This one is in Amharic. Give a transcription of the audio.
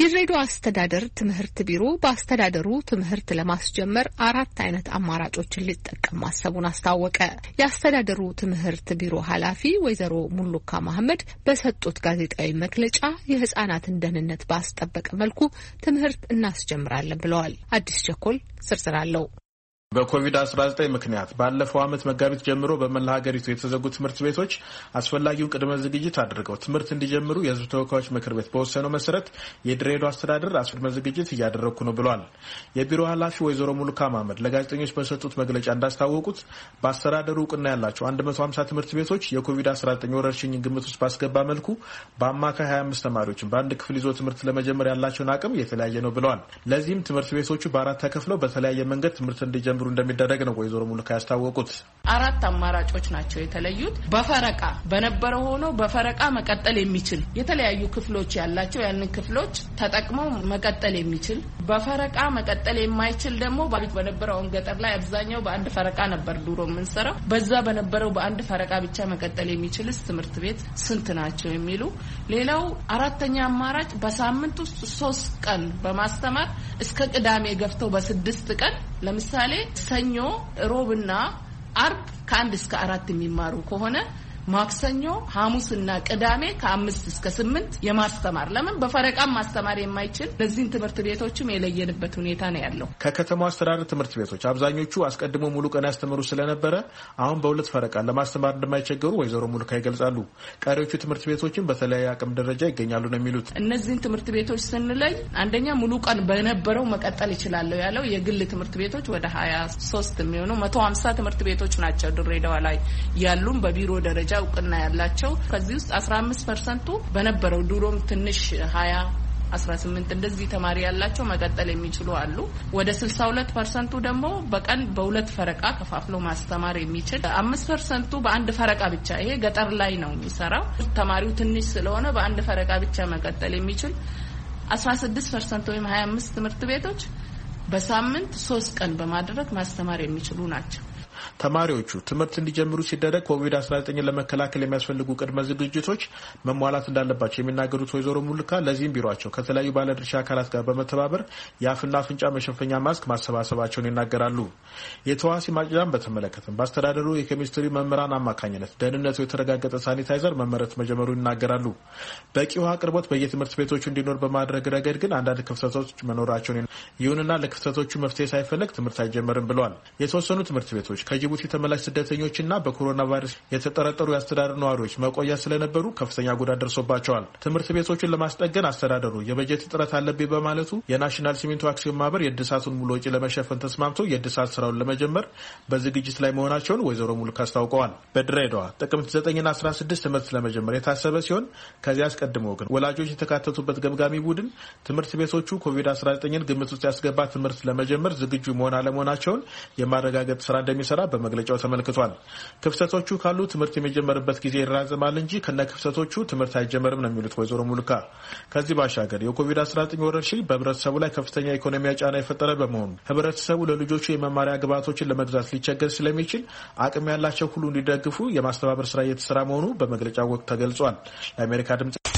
የድሬዳዋ አስተዳደር ትምህርት ቢሮ በአስተዳደሩ ትምህርት ለማስጀመር አራት አይነት አማራጮችን ሊጠቀም ማሰቡን አስታወቀ። የአስተዳደሩ ትምህርት ቢሮ ኃላፊ ወይዘሮ ሙሉካ ማህመድ በሰጡት ጋዜጣዊ መግለጫ የህጻናትን ደህንነት ባስጠበቀ መልኩ ትምህርት እናስጀምራለን ብለዋል። አዲስ ቸኮል ዝርዝር አለው። በኮቪድ-19 ምክንያት ባለፈው ዓመት መጋቢት ጀምሮ በመላ ሀገሪቱ የተዘጉ ትምህርት ቤቶች አስፈላጊውን ቅድመ ዝግጅት አድርገው ትምህርት እንዲጀምሩ የሕዝብ ተወካዮች ምክር ቤት በወሰነው መሰረት የድሬዳዋ አስተዳደር አስቅድመ ዝግጅት እያደረግኩ ነው ብሏል። የቢሮ ኃላፊ ወይዘሮ ሙሉካ ማመድ ለጋዜጠኞች በሰጡት መግለጫ እንዳስታወቁት በአስተዳደሩ እውቅና ያላቸው 150 ትምህርት ቤቶች የኮቪድ-19 ወረርሽኝ ግምት ውስጥ ባስገባ መልኩ በአማካይ 25 ተማሪዎችን በአንድ ክፍል ይዞ ትምህርት ለመጀመር ያላቸውን አቅም የተለያየ ነው ብለዋል። ለዚህም ትምህርት ቤቶቹ በአራት ተከፍለው በተለያየ መንገድ ትምህርት እንዲጀምሩ ምርምሩ እንደሚደረግ ነው ወይዘሮ ሙልካ ያስታወቁት። አራት አማራጮች ናቸው የተለዩት። በፈረቃ በነበረው ሆኖ በፈረቃ መቀጠል የሚችል የተለያዩ ክፍሎች ያላቸው ያንን ክፍሎች ተጠቅመው መቀጠል የሚችል በፈረቃ መቀጠል የማይችል ደግሞ በነበረውን ገጠር ላይ አብዛኛው በአንድ ፈረቃ ነበር ድሮ የምንሰራው። በዛ በነበረው በአንድ ፈረቃ ብቻ መቀጠል የሚችልስ ትምህርት ቤት ስንት ናቸው የሚሉ ሌላው አራተኛ አማራጭ በሳምንት ውስጥ ሶስት ቀን በማስተማር እስከ ቅዳሜ ገፍተው በስድስት ቀን ለምሳሌ ሰኞ፣ ሮብና አርብ ከአንድ እስከ አራት የሚማሩ ከሆነ ማክሰኞ፣ ሐሙስና ቅዳሜ ከአምስት እስከ ስምንት የማስተማር ለምን በፈረቃም ማስተማር የማይችል ለዚህን ትምህርት ቤቶችም የለየንበት ሁኔታ ነው ያለው። ከከተማ አስተዳደር ትምህርት ቤቶች አብዛኞቹ አስቀድሞ ሙሉ ቀን ያስተምሩ ስለነበረ አሁን በሁለት ፈረቃ ለማስተማር እንደማይቸገሩ ወይዘሮ ሙልካ ይገልጻሉ። ቀሪዎቹ ትምህርት ቤቶችም በተለያየ አቅም ደረጃ ይገኛሉ ነው የሚሉት። እነዚህን ትምህርት ቤቶች ስንለይ አንደኛ ሙሉ ቀን በነበረው መቀጠል ይችላለሁ ያለው የግል ትምህርት ቤቶች ወደ ሀያ ሶስት የሚሆኑ መቶ ሀምሳ ትምህርት ቤቶች ናቸው ድሬዳዋ ላይ ያሉም በቢሮ ደረጃ ደረጃ እውቅና ያላቸው ከዚህ ውስጥ አስራ አምስት ፐርሰንቱ በነበረው ድሮም ትንሽ ሀያ አስራ ስምንት እንደዚህ ተማሪ ያላቸው መቀጠል የሚችሉ አሉ። ወደ ስልሳ ሁለት ፐርሰንቱ ደግሞ በቀን በሁለት ፈረቃ ከፋፍሎ ማስተማር የሚችል አምስት ፐርሰንቱ በአንድ ፈረቃ ብቻ ይሄ ገጠር ላይ ነው የሚሰራው ተማሪው ትንሽ ስለሆነ በአንድ ፈረቃ ብቻ መቀጠል የሚችል አስራ ስድስት ፐርሰንት ወይም ሀያ አምስት ትምህርት ቤቶች በሳምንት ሶስት ቀን በማድረግ ማስተማር የሚችሉ ናቸው። ተማሪዎቹ ትምህርት እንዲጀምሩ ሲደረግ ኮቪድ-19 ለመከላከል የሚያስፈልጉ ቅድመ ዝግጅቶች መሟላት እንዳለባቸው የሚናገሩት ወይዘሮ ሙልካ ለዚህም ቢሯቸው ከተለያዩ ባለድርሻ አካላት ጋር በመተባበር የአፍና አፍንጫ መሸፈኛ ማስክ ማሰባሰባቸውን ይናገራሉ። የተዋሲ ማጭዳን በተመለከተም በአስተዳደሩ የኬሚስትሪ መምህራን አማካኝነት ደህንነቱ የተረጋገጠ ሳኒታይዘር መመረት መጀመሩ ይናገራሉ። በቂ ውሃ አቅርቦት በየትምህርት ቤቶቹ እንዲኖር በማድረግ ረገድ ግን አንዳንድ ክፍተቶች መኖራቸውን፣ ይሁንና ለክፍተቶቹ መፍትሄ ሳይፈለግ ትምህርት አይጀመርም ብለዋል። የተወሰኑ ትምህርት ቤቶች ከጅቡቲ ተመላሽ ስደተኞችና በኮሮና ቫይረስ የተጠረጠሩ የአስተዳደር ነዋሪዎች መቆያ ስለነበሩ ከፍተኛ ጉዳት ደርሶባቸዋል። ትምህርት ቤቶቹን ለማስጠገን አስተዳደሩ የበጀት እጥረት አለብኝ በማለቱ የናሽናል ሲሚንቶ አክሲዮን ማህበር የእድሳቱን ሙሉ ወጪ ለመሸፈን ተስማምቶ የእድሳት ስራውን ለመጀመር በዝግጅት ላይ መሆናቸውን ወይዘሮ ሙልክ አስታውቀዋል። በድሬዳዋ ጥቅምት 9ና 16 ትምህርት ለመጀመር የታሰበ ሲሆን ከዚያ አስቀድሞ ግን ወላጆች የተካተቱበት ገምጋሚ ቡድን ትምህርት ቤቶቹ ኮቪድ-19ን ግምት ውስጥ ያስገባ ትምህርት ለመጀመር ዝግጁ መሆን አለመሆናቸውን የማረጋገጥ ስራ እንደሚሰራ በመግለጫው ተመልክቷል። ክፍተቶቹ ካሉ ትምህርት የሚጀመርበት ጊዜ ይራዘማል እንጂ ከነ ክፍተቶቹ ትምህርት አይጀመርም ነው የሚሉት ወይዘሮ ሙልካ። ከዚህ ባሻገር የኮቪድ-19 ወረርሽኝ በህብረተሰቡ ላይ ከፍተኛ ኢኮኖሚ ጫና የፈጠረ በመሆኑ ህብረተሰቡ ለልጆቹ የመማሪያ ግብዓቶችን ለመግዛት ሊቸገር ስለሚችል አቅም ያላቸው ሁሉ እንዲደግፉ የማስተባበር ስራ እየተሰራ መሆኑ በመግለጫው ወቅት ተገልጿል። ለአሜሪካ ድምጽ